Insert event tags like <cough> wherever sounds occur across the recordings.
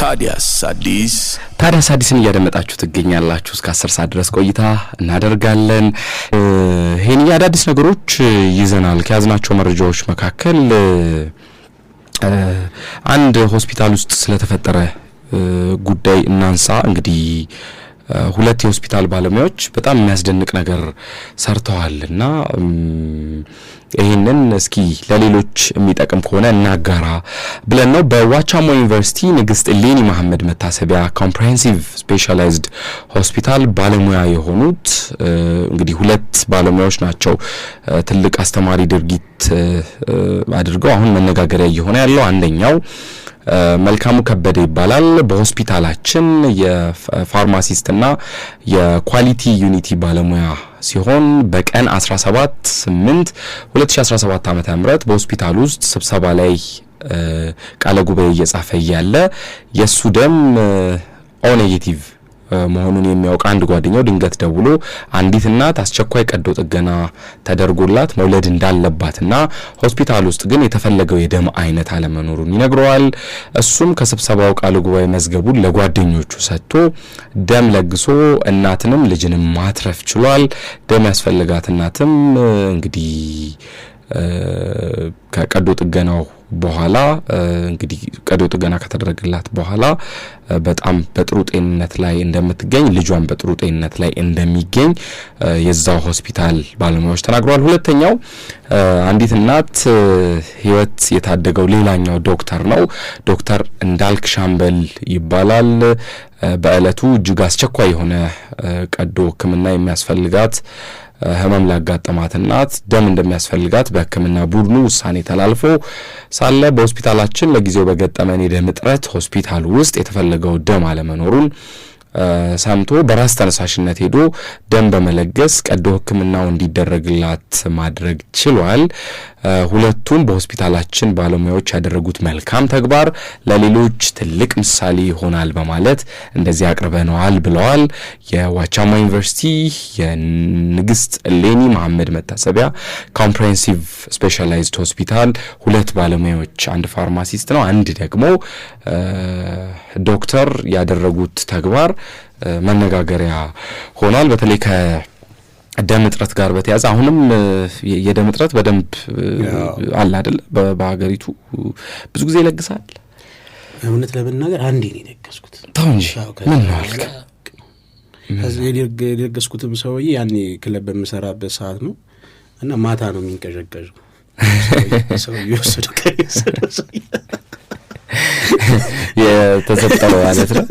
ታዲያስ አዲስ ታዲያስ አዲስን እያደመጣችሁ ትገኛላችሁ። እስከ አስር ሰዓት ድረስ ቆይታ እናደርጋለን። ይህን የአዳዲስ ነገሮች ይዘናል። ከያዝናቸው መረጃዎች መካከል አንድ ሆስፒታል ውስጥ ስለተፈጠረ ጉዳይ እናንሳ እንግዲህ ሁለት የሆስፒታል ባለሙያዎች በጣም የሚያስደንቅ ነገር ሰርተዋል እና ይህንን እስኪ ለሌሎች የሚጠቅም ከሆነ እናጋራ ብለን ነው። በዋቻሞ ዩኒቨርሲቲ ንግስት ሌኒ መሐመድ መታሰቢያ ኮምፕሬሄንሲቭ ስፔሻላይዝድ ሆስፒታል ባለሙያ የሆኑት እንግዲህ ሁለት ባለሙያዎች ናቸው። ትልቅ አስተማሪ ድርጊት አድርገው አሁን መነጋገሪያ እየሆነ ያለው አንደኛው መልካሙ ከበደ ይባላል። በሆስፒታላችን የፋርማሲስትና የኳሊቲ ዩኒቲ ባለሙያ ሲሆን በቀን 17 8 2017 ዓ ም በሆስፒታል ውስጥ ስብሰባ ላይ ቃለ ጉባኤ እየጻፈ እያለ የእሱ ደም ኦ ኔጌቲቭ መሆኑን የሚያውቅ አንድ ጓደኛው ድንገት ደውሎ አንዲት እናት አስቸኳይ ቀዶ ጥገና ተደርጎላት መውለድ እንዳለባትና ሆስፒታል ውስጥ ግን የተፈለገው የደም አይነት አለመኖሩን ይነግረዋል። እሱም ከስብሰባው ቃለ ጉባኤ መዝገቡን ለጓደኞቹ ሰጥቶ ደም ለግሶ እናትንም ልጅንም ማትረፍ ችሏል። ደም ያስፈልጋት እናትም እንግዲህ ከቀዶ ጥገናው በኋላ እንግዲህ ቀዶ ጥገና ከተደረገላት በኋላ በጣም በጥሩ ጤንነት ላይ እንደምትገኝ ልጇን በጥሩ ጤንነት ላይ እንደሚገኝ የዛው ሆስፒታል ባለሙያዎች ተናግረዋል። ሁለተኛው አንዲት እናት ሕይወት የታደገው ሌላኛው ዶክተር ነው። ዶክተር እንዳልክ ሻምበል ይባላል። በእለቱ እጅግ አስቸኳይ የሆነ ቀዶ ሕክምና የሚያስፈልጋት ህመም ላጋጠማት እናት ደም እንደሚያስፈልጋት በህክምና ቡድኑ ውሳኔ ተላልፎ ሳለ በሆስፒታላችን ለጊዜው በገጠመን የደም እጥረት ሆስፒታል ውስጥ የተፈለገው ደም አለመኖሩን ሰምቶ በራስ ተነሳሽነት ሄዶ ደም በመለገስ ቀዶ ህክምናው እንዲደረግላት ማድረግ ችሏል። ሁለቱም በሆስፒታላችን ባለሙያዎች ያደረጉት መልካም ተግባር ለሌሎች ትልቅ ምሳሌ ይሆናል በማለት እንደዚህ አቅርበነዋል ብለዋል። የዋቻማ ዩኒቨርሲቲ የንግስት ሌኒ መሐመድ መታሰቢያ ኮምፕሬሄንሲቭ ስፔሻላይዝድ ሆስፒታል ሁለት ባለሙያዎች አንድ ፋርማሲስት ነው፣ አንድ ደግሞ ዶክተር ያደረጉት ተግባር መነጋገሪያ ሆኗል። በተለይ ከ ደም እጥረት ጋር በተያዘ አሁንም የደም እጥረት በደንብ አለ አይደል? በሀገሪቱ ብዙ ጊዜ ይለግሳል። እውነት ለመናገር አንዴ ነው የለገስኩት። ተው እንጂ ምን ነው አልክ? የደገስኩትም ሰውዬ ያኔ ክለብ በምሰራበት ሰዓት ነው እና ማታ ነው የሚንቀዠቀዥ <laughs> ሰውዬ <laughs> የተሰጠነው ማለት ነው።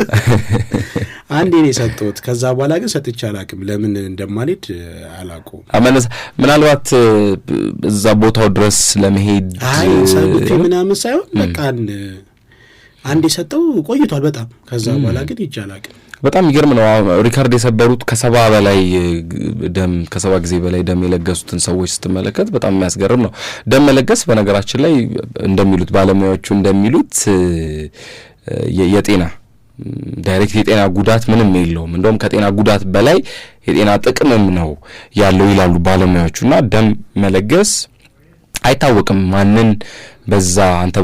አንድ ኔ የሰጠሁት። ከዛ በኋላ ግን ሰጥቻ አላቅም ለምን እንደማልሄድ አመለስ ምናልባት እዛ ቦታው ድረስ ለመሄድ ምናምን ሳይሆን በቃ አንድ የሰጠው ቆይቷል በጣም ከዛ በኋላ ግን ይቻላቅም በጣም የሚገርም ነው። ሪከርድ የሰበሩት ከሰባ በላይ ደም ከሰባ ጊዜ በላይ ደም የለገሱትን ሰዎች ስትመለከት በጣም የሚያስገርም ነው። ደም መለገስ በነገራችን ላይ እንደሚሉት ባለሙያዎቹ እንደሚሉት የጤና ዳይሬክት የጤና ጉዳት ምንም የለውም። እንደውም ከጤና ጉዳት በላይ የጤና ጥቅምም ነው ያለው ይላሉ ባለሙያዎቹ እና ደም መለገስ አይታወቅም ማንን በዛ አንተ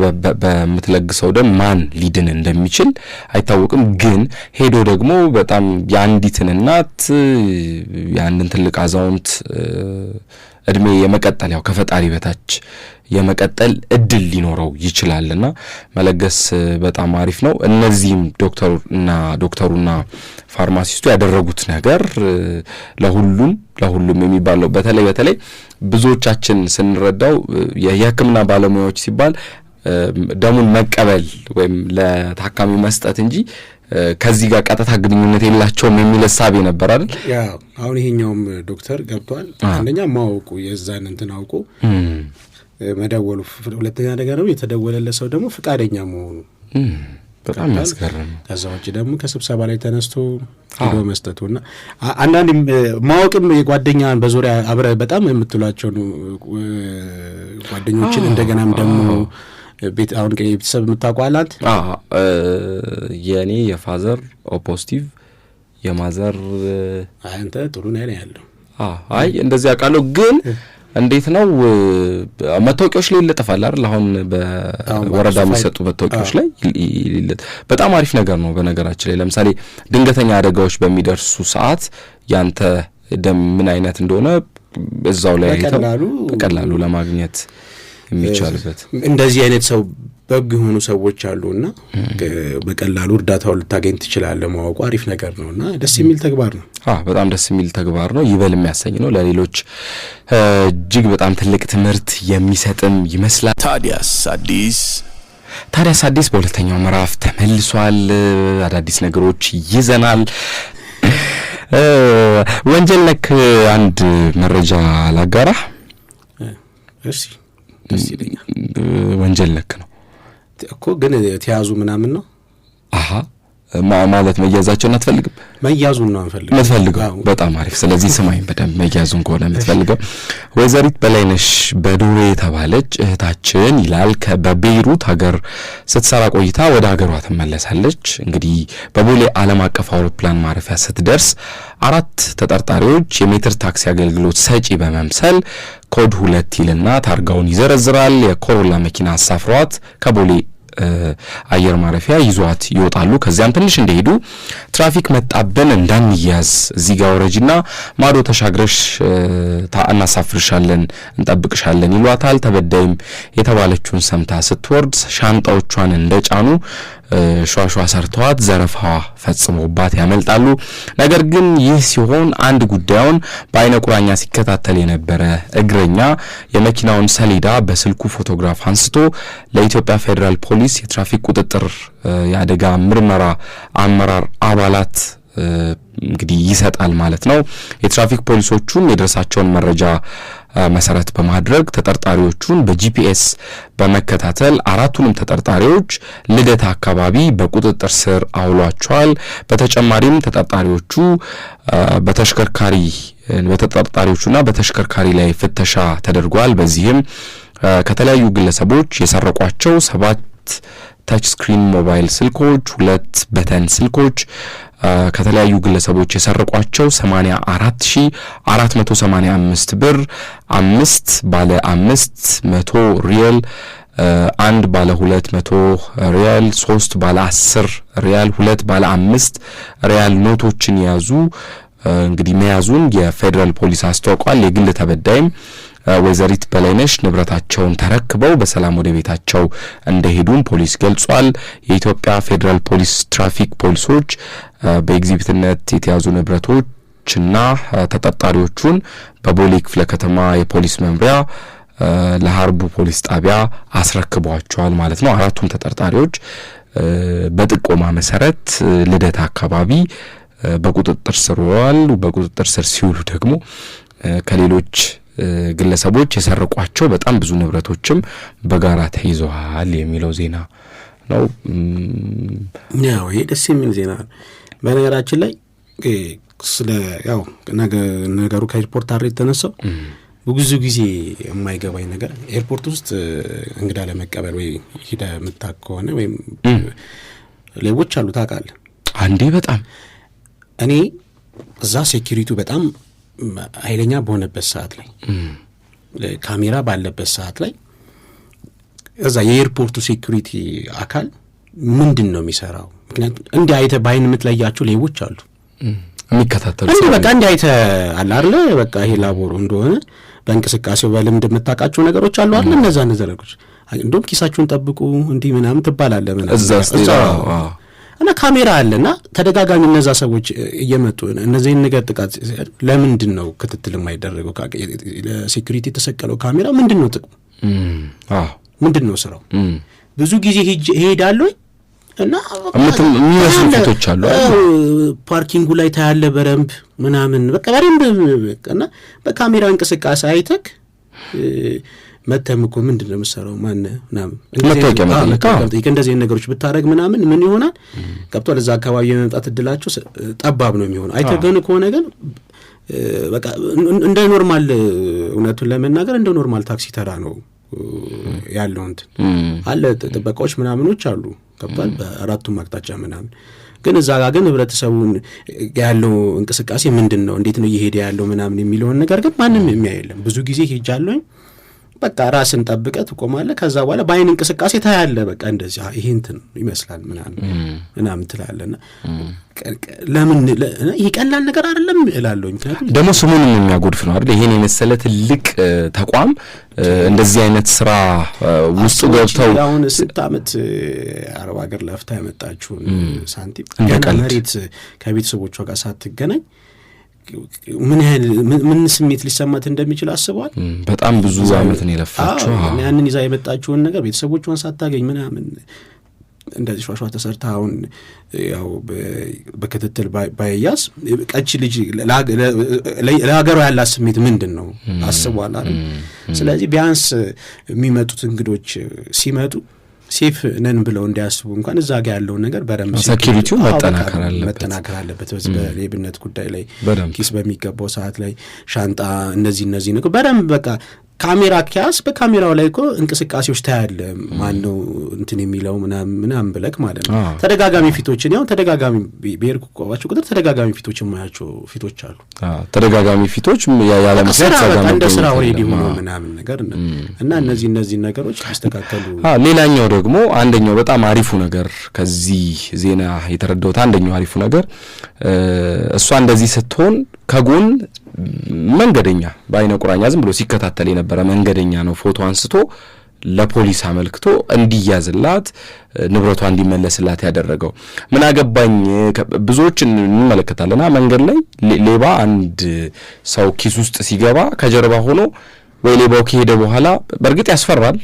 በምትለግሰው ደም ማን ሊድን እንደሚችል አይታወቅም። ግን ሄዶ ደግሞ በጣም የአንዲትን እናት የአንድን ትልቅ አዛውንት እድሜ የመቀጠል ያው ከፈጣሪ በታች የመቀጠል እድል ሊኖረው ይችላልና መለገስ በጣም አሪፍ ነው። እነዚህም ዶክተሩና ዶክተሩና ፋርማሲስቱ ያደረጉት ነገር ለሁሉም ለሁሉም የሚባለው በተለይ በተለይ ብዙዎቻችን ስንረዳው የሕክምና ባለሙያዎች ሲባል ደሙን መቀበል ወይም ለታካሚ መስጠት እንጂ ከዚህ ጋር ቀጥታ ግንኙነት የላቸውም የሚል እሳቤ ነበር አይደል? አሁን ይሄኛውም ዶክተር ገብቷል። አንደኛ ማወቁ የዛን እንትን አውቁ መደወሉ፣ ሁለተኛ ነገር ደግሞ የተደወለለ ሰው ደግሞ ፈቃደኛ መሆኑ በጣም ያስገርም። ከዛ ውጭ ደግሞ ከስብሰባ ላይ ተነስቶ ሄዶ መስጠቱ እና አንዳንድ ማወቅም የጓደኛን በዙሪያ አብረ በጣም የምትሏቸውን ጓደኞችን እንደገናም ደግሞ ቤት አሁን ቤተሰብ የምታውቋላት የእኔ የፋዘር ኦፖስቲቭ የማዘር አንተ ጥሩ ነህ ያለው አይ እንደዚህ ያውቃለሁ ግን እንዴት ነው መታወቂያዎች ላይ ይለጠፋል አይደል? አሁን በወረዳ የሚሰጡ መታወቂያዎች ላይ በጣም አሪፍ ነገር ነው። በነገራችን ላይ ለምሳሌ ድንገተኛ አደጋዎች በሚደርሱ ሰዓት ያንተ ደም ምን አይነት እንደሆነ እዛው ላይ አይተው በቀላሉ ለማግኘት የሚቻልበት እንደዚህ አይነት ሰው በጎ የሆኑ ሰዎች እና በቀላሉ እርዳታው ልታገኝ ትችላለ ማወቁ አሪፍ ነገር ነው እና ደስ የሚል ተግባር ነው። በጣም ደስ የሚል ተግባር ነው። ይበል የሚያሰኝ ነው። ለሌሎች እጅግ በጣም ትልቅ ትምህርት የሚሰጥም ይመስላል። ታዲያስ አዲስ ታዲያስ አዲስ በሁለተኛው ምዕራፍ ተመልሷል። አዳዲስ ነገሮች ይዘናል። ወንጀል ነክ አንድ መረጃ ላጋራ። ወንጀል ነክ ነው። እኮ ግን የተያዙ ምናምን ነው። አሀ ማለት መያዛቸውን አትፈልግም? መያዙን ነው አንፈልግም የምትፈልገው። በጣም አሪፍ። ስለዚህ ስማኝ በደንብ መያዙን ከሆነ የምትፈልገው ወይዘሪት በላይነሽ በዱሬ የተባለች እህታችን ይላል በቤይሩት ሀገር ስትሰራ ቆይታ ወደ ሀገሯ ትመለሳለች። እንግዲህ በቦሌ ዓለም አቀፍ አውሮፕላን ማረፊያ ስትደርስ አራት ተጠርጣሪዎች የሜትር ታክሲ አገልግሎት ሰጪ በመምሰል ኮድ ሁለት ይልና ታርጋውን ይዘረዝራል። የኮሮላ መኪና አሳፍሯት ከቦሌ አየር ማረፊያ ይዟት ይወጣሉ። ከዚያም ትንሽ እንደሄዱ ትራፊክ መጣብን እንዳንያዝ እዚህ ጋር ወረጅና ማዶ ተሻግረሽ እናሳፍርሻለን፣ እንጠብቅሻለን ይሏታል። ተበዳይም የተባለችውን ሰምታ ስትወርድ ሻንጣዎቿን እንደጫኑ ሸዋሸዋ ሰርተዋት ዘረፋ ፈጽሞባት ያመልጣሉ። ነገር ግን ይህ ሲሆን አንድ ጉዳዩን በአይነ ቁራኛ ሲከታተል የነበረ እግረኛ የመኪናውን ሰሌዳ በስልኩ ፎቶግራፍ አንስቶ ለኢትዮጵያ ፌዴራል ፖሊስ የትራፊክ ቁጥጥር የአደጋ ምርመራ አመራር አባላት እንግዲህ ይሰጣል ማለት ነው። የትራፊክ ፖሊሶቹም የደረሳቸውን መረጃ መሰረት በማድረግ ተጠርጣሪዎቹን በጂፒኤስ በመከታተል አራቱንም ተጠርጣሪዎች ልደታ አካባቢ በቁጥጥር ስር አውሏቸዋል። በተጨማሪም ተጠርጣሪዎቹ በተሽከርካሪ በተጠርጣሪዎቹና በተሽከርካሪ ላይ ፍተሻ ተደርጓል። በዚህም ከተለያዩ ግለሰቦች የሰረቋቸው ሰባት ታችስክሪን ስክሪን ሞባይል ስልኮች፣ ሁለት በተን ስልኮች ከተለያዩ ግለሰቦች የሰረቋቸው 84485 ብር፣ አምስት ባለ አምስት መቶ ሪያል አንድ ባለ ሁለት መቶ ሪያል ሶስት ባለ አስር ሪያል ሁለት ባለ አምስት ሪያል ኖቶችን የያዙ እንግዲህ መያዙን የፌዴራል ፖሊስ አስታውቋል። የግል ተበዳይም ወይዘሪት በላይነሽ ንብረታቸውን ተረክበው በሰላም ወደ ቤታቸው እንደሄዱም ፖሊስ ገልጿል። የኢትዮጵያ ፌዴራል ፖሊስ ትራፊክ ፖሊሶች በኤግዚቢትነት የተያዙ ንብረቶችና ተጠርጣሪዎቹን በቦሌ ክፍለ ከተማ የፖሊስ መምሪያ ለሀርቡ ፖሊስ ጣቢያ አስረክቧቸዋል ማለት ነው። አራቱም ተጠርጣሪዎች በጥቆማ መሰረት ልደት አካባቢ በቁጥጥር ስር ውለዋል። በቁጥጥር ስር ሲውሉ ደግሞ ከሌሎች ግለሰቦች የሰረቋቸው በጣም ብዙ ንብረቶችም በጋራ ተይዘዋል የሚለው ዜና ነው። ያው ይሄ ደስ የሚል ዜና ነው። በነገራችን ላይ ስለ ያው ነገሩ ከኤርፖርት አር የተነሳው ብዙ ጊዜ የማይገባኝ ነገር ኤርፖርት ውስጥ እንግዳ ለመቀበል ወይ ሂደ የምታውቅ ከሆነ ወይም ሌቦች አሉ ታውቃለህ። አንዴ በጣም እኔ እዛ ሴኪሪቲው በጣም ኃይለኛ በሆነበት ሰዓት ላይ ካሜራ ባለበት ሰዓት ላይ እዛ የኤርፖርቱ ሴኩሪቲ አካል ምንድን ነው የሚሰራው? ምክንያቱም እንዲህ አይተ በአይን የምትለያቸው ሌቦች አሉ የሚከታተሉ እንዲህ በቃ እንዲህ አይተህ አለ አይደለ? በቃ ይሄ ላቦሩ እንደሆነ በእንቅስቃሴው በልምድ የምታውቃቸው ነገሮች አሉ አለ እነዛ ነገሮች እንደውም ኪሳችሁን ጠብቁ እንዲህ ምናምን ትባላለ ምናምን እዛ እና ካሜራ አለ ና ተደጋጋሚ እነዛ ሰዎች እየመጡ እነዚህን ነገር ጥቃት ለምንድን ነው ክትትል የማይደረገው? ለሴኩሪቲ የተሰቀለው ካሜራ ምንድን ነው ጥቅሙ? ምንድን ነው ስራው? ብዙ ጊዜ ሄዳለሁ እናየሚመስሉቶች አሉ። ፓርኪንጉ ላይ ታያለ በረምብ ምናምን በቃ በረምብ እና በካሜራ እንቅስቃሴ አይተክ መተም እኮ ምንድን ነው የምትሰራው? ማነህ እንደዚህ ነገሮች ብታደረግ ምናምን ምን ይሆናል ገብቷል። እዛ አካባቢ የመምጣት እድላቸው ጠባብ ነው የሚሆነው። አይተገኑ ከሆነ ግን በቃ እንደ ኖርማል እውነቱን ለመናገር እንደ ኖርማል ታክሲ ተራ ነው ያለው። እንትን አለ ጥበቃዎች ምናምኖች አሉ ገብቷል። በአራቱም አቅጣጫ ምናምን ግን እዛ ጋ ግን ህብረተሰቡን ያለው እንቅስቃሴ ምንድን ነው እንዴት ነው እየሄደ ያለው ምናምን የሚለውን ነገር ግን ማንም የሚያየለም ብዙ ጊዜ ሄጃለሁኝ በቃ ራስን ጠብቀ ትቆማለ ከዛ በኋላ በአይን እንቅስቃሴ ታያለ። በቃ እንደዚህ ይህንትን ይመስላል ምናምን ምናምን ትላለና ለምን ቀላል ነገር አይደለም እላለሁ። ምክንያቱም ደግሞ ስሙንም የሚያጎድፍ ነው አይደል? ይሄን የመሰለ ትልቅ ተቋም እንደዚህ አይነት ስራ ውስጡ ገብተው አሁን ስት ዓመት አረብ ሀገር ለፍታ ያመጣችሁን ሳንቲም መሬት ከቤተሰቦቿ ጋር ሳትገናኝ ምን ያህል ምን ስሜት ሊሰማት እንደሚችል አስበዋል። በጣም ብዙ አመት ነው የለፋችው። ያንን ይዛ የመጣችውን ነገር ቤተሰቦቿን ሳታገኝ ምናምን እንደዚህ ሸሸ ተሰርታ አሁን ያው በክትትል ባያያዝ ቀቺ ልጅ ለሀገሯ ያላት ስሜት ምንድን ነው አስቧል። ስለዚህ ቢያንስ የሚመጡት እንግዶች ሲመጡ ሴፍ ነን ብለው እንዲያስቡ እንኳን እዛ ጋ ያለውን ነገር በደንብ መጠናከር አለበት። በሌብነት ጉዳይ ላይ ኪስ በሚገባው ሰዓት ላይ ሻንጣ፣ እነዚህ እነዚህ ነገር በደንብ በቃ ካሜራ ኪያስ በካሜራው ላይ እኮ እንቅስቃሴዎች ታያለ። ማን ነው እንትን የሚለው ምናምን ብለክ ማለት ነው። ተደጋጋሚ ፊቶችን ያው ተደጋጋሚ ብሄር ቋባቸው ቁጥር ተደጋጋሚ ፊቶች የማያቸው ፊቶች አሉ። ተደጋጋሚ ፊቶች እንደ ስራ ሬዲ ሆኖ ምናምን ነገር እና እነዚህ እነዚህ ነገሮች ያስተካከሉ። ሌላኛው ደግሞ አንደኛው በጣም አሪፉ ነገር ከዚህ ዜና የተረዳውት አንደኛው አሪፉ ነገር እሷ እንደዚህ ስትሆን ከጎን መንገደኛ በአይነ ቁራኛ ዝም ብሎ ሲከታተል የነበረ መንገደኛ ነው ፎቶ አንስቶ ለፖሊስ አመልክቶ እንዲያዝላት ንብረቷ እንዲመለስላት ያደረገው ምን አገባኝ ብዙዎች እንመለከታለና መንገድ ላይ ሌባ አንድ ሰው ኪስ ውስጥ ሲገባ ከጀርባ ሆኖ ወይ ሌባው ከሄደ በኋላ በእርግጥ ያስፈራል።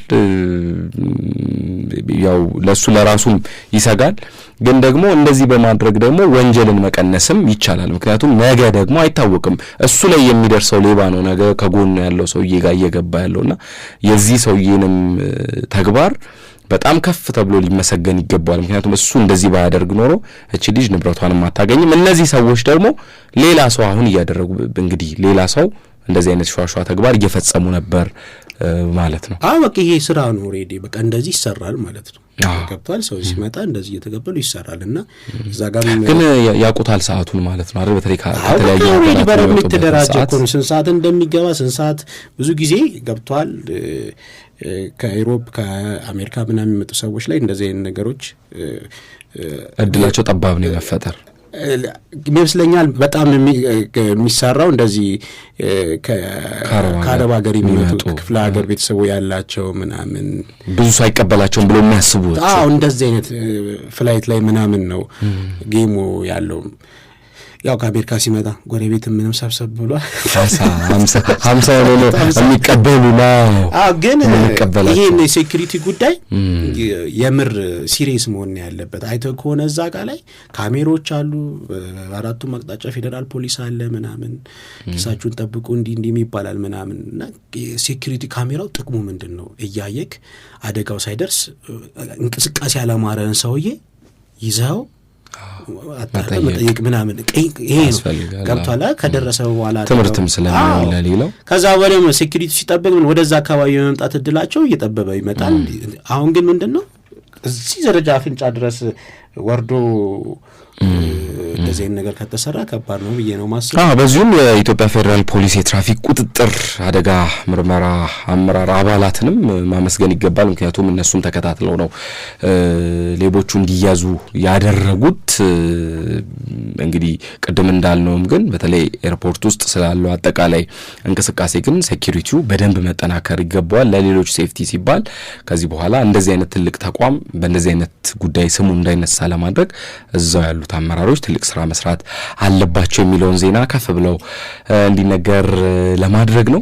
ያው ለሱ ለራሱም ይሰጋል። ግን ደግሞ እንደዚህ በማድረግ ደግሞ ወንጀልን መቀነስም ይቻላል። ምክንያቱም ነገ ደግሞ አይታወቅም እሱ ላይ የሚደርሰው ሌባ ነው ነገ ከጎን ያለው ሰውዬ ጋር እየገባ ያለውና የዚህ ሰውዬንም ተግባር በጣም ከፍ ተብሎ ሊመሰገን ይገባዋል። ምክንያቱም እሱ እንደዚህ ባያደርግ ኖሮ እቺ ልጅ ንብረቷንም አታገኝም። እነዚህ ሰዎች ደግሞ ሌላ ሰው አሁን እያደረጉ እንግዲህ ሌላ ሰው እንደዚህ አይነት ሸዋሸዋ ተግባር እየፈጸሙ ነበር ማለት ነው። አ በቃ ይሄ ስራ ነው። ሬዲ በቃ እንደዚህ ይሰራል ማለት ነው። ገብቷል። ሰው ሲመጣ እንደዚህ እየተገበሉ ይሰራል እና እዛ ጋር ግን ያቁታል ሰአቱን ማለት ነው አይደል? በተለይ ከተለያዩ በረብ የተደራጀ እኮ ነው። ስንት ሰዓት እንደሚገባ ስንት ሰዓት ብዙ ጊዜ ገብቷል። ከኢሮፕ ከአሜሪካ ምናምን የሚመጡ ሰዎች ላይ እንደዚህ አይነት ነገሮች እድላቸው ጠባብ ነው የመፈጠር ይመስለኛል በጣም የሚሰራው እንደዚህ ከአረብ ሀገር የሚመጡ ክፍለ ሀገር ቤተሰቡ ያላቸው ምናምን ብዙ ሰው አይቀበላቸውም ብሎ የሚያስቡ አዎ እንደዚህ አይነት ፍላይት ላይ ምናምን ነው ጌሙ ያለው። ያው ከአሜሪካ ሲመጣ ጎረቤት ምንም ሰብሰብ ብሏል። ሀምሳ ሆኖ የሚቀበሉ ግን ይሄን የሴኪሪቲ ጉዳይ የምር ሲሪየስ መሆን ያለበት አይተ ከሆነ እዛ ጋ ላይ ካሜሮች አሉ፣ አራቱ አቅጣጫ ፌዴራል ፖሊስ አለ ምናምን ኪሳችሁን ጠብቁ እንዲህ እንዲህ ይባላል ምናምን እና የሴኪሪቲ ካሜራው ጥቅሙ ምንድን ነው? እያየክ አደጋው ሳይደርስ እንቅስቃሴ ያለማረን ሰውዬ ይዘኸው አጣርተህ መጠየቅ ምናምን ይሄ ከደረሰ በኋላ ትምህርትም ስለሚሆን ለሌለው ከዛ በላይ ሴኪሪቲ ሲጠበቅ ምን ወደዛ አካባቢ የመምጣት እድላቸው እየጠበበ ይመጣል። አሁን ግን ምንድን ነው እዚህ ደረጃ አፍንጫ ድረስ ወርዶ እንደዚህ ነገር ከተሰራ ከባድ ነው ብዬ ነው ማስበው። በዚሁም የኢትዮጵያ ፌዴራል ፖሊስ የትራፊክ ቁጥጥር አደጋ ምርመራ አመራር አባላትንም ማመስገን ይገባል። ምክንያቱም እነሱም ተከታትለው ነው ሌቦቹ እንዲያዙ ያደረጉት። እንግዲህ ቅድም እንዳልነውም ግን በተለይ ኤርፖርት ውስጥ ስላለው አጠቃላይ እንቅስቃሴ ግን ሴኪሪቲው በደንብ መጠናከር ይገባዋል፣ ለሌሎች ሴፍቲ ሲባል ከዚህ በኋላ እንደዚህ አይነት ትልቅ ተቋም በእንደዚህ አይነት ጉዳይ ስሙ እንዳይነሳ ለማድረግ እዛው ያሉት የሚመሩት አመራሮች ትልቅ ስራ መስራት አለባቸው የሚለውን ዜና ከፍ ብለው እንዲነገር ለማድረግ ነው።